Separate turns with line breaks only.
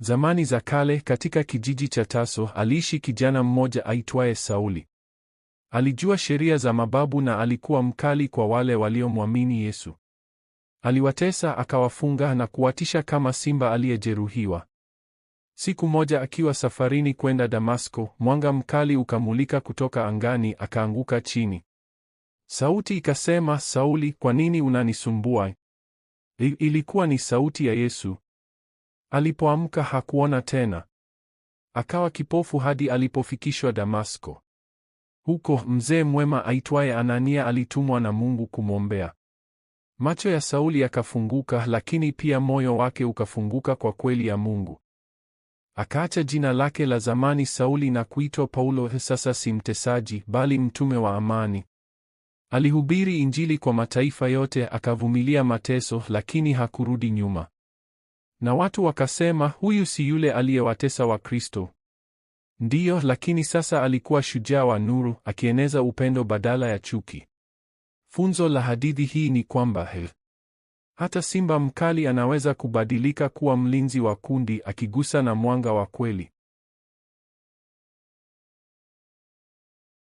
Zamani za kale, katika kijiji cha Taso, aliishi kijana mmoja aitwaye Sauli. Alijua sheria za mababu na alikuwa mkali kwa wale waliomwamini Yesu. Aliwatesa, akawafunga na kuwatisha kama simba aliyejeruhiwa. Siku moja akiwa safarini kwenda Damasko, mwanga mkali ukamulika kutoka angani, akaanguka chini. Sauti ikasema, Sauli, kwa nini unanisumbua? Ilikuwa ni sauti ya Yesu. Alipoamka hakuona tena, akawa kipofu hadi alipofikishwa Damasko. Huko mzee mwema aitwaye Anania alitumwa na Mungu kumwombea. Macho ya Sauli yakafunguka, lakini pia moyo wake ukafunguka kwa kweli ya Mungu. Akaacha jina lake la zamani Sauli na kuitwa Paulo, sasa si mtesaji, bali mtume wa amani. Alihubiri Injili kwa mataifa yote, akavumilia mateso, lakini hakurudi nyuma. Na watu wakasema, huyu si yule aliyewatesa Wakristo? Ndiyo, lakini sasa alikuwa shujaa wa nuru, akieneza upendo badala ya chuki. Funzo la hadithi hii ni kwamba he, hata simba mkali anaweza kubadilika kuwa mlinzi wa kundi akigusa na mwanga wa kweli.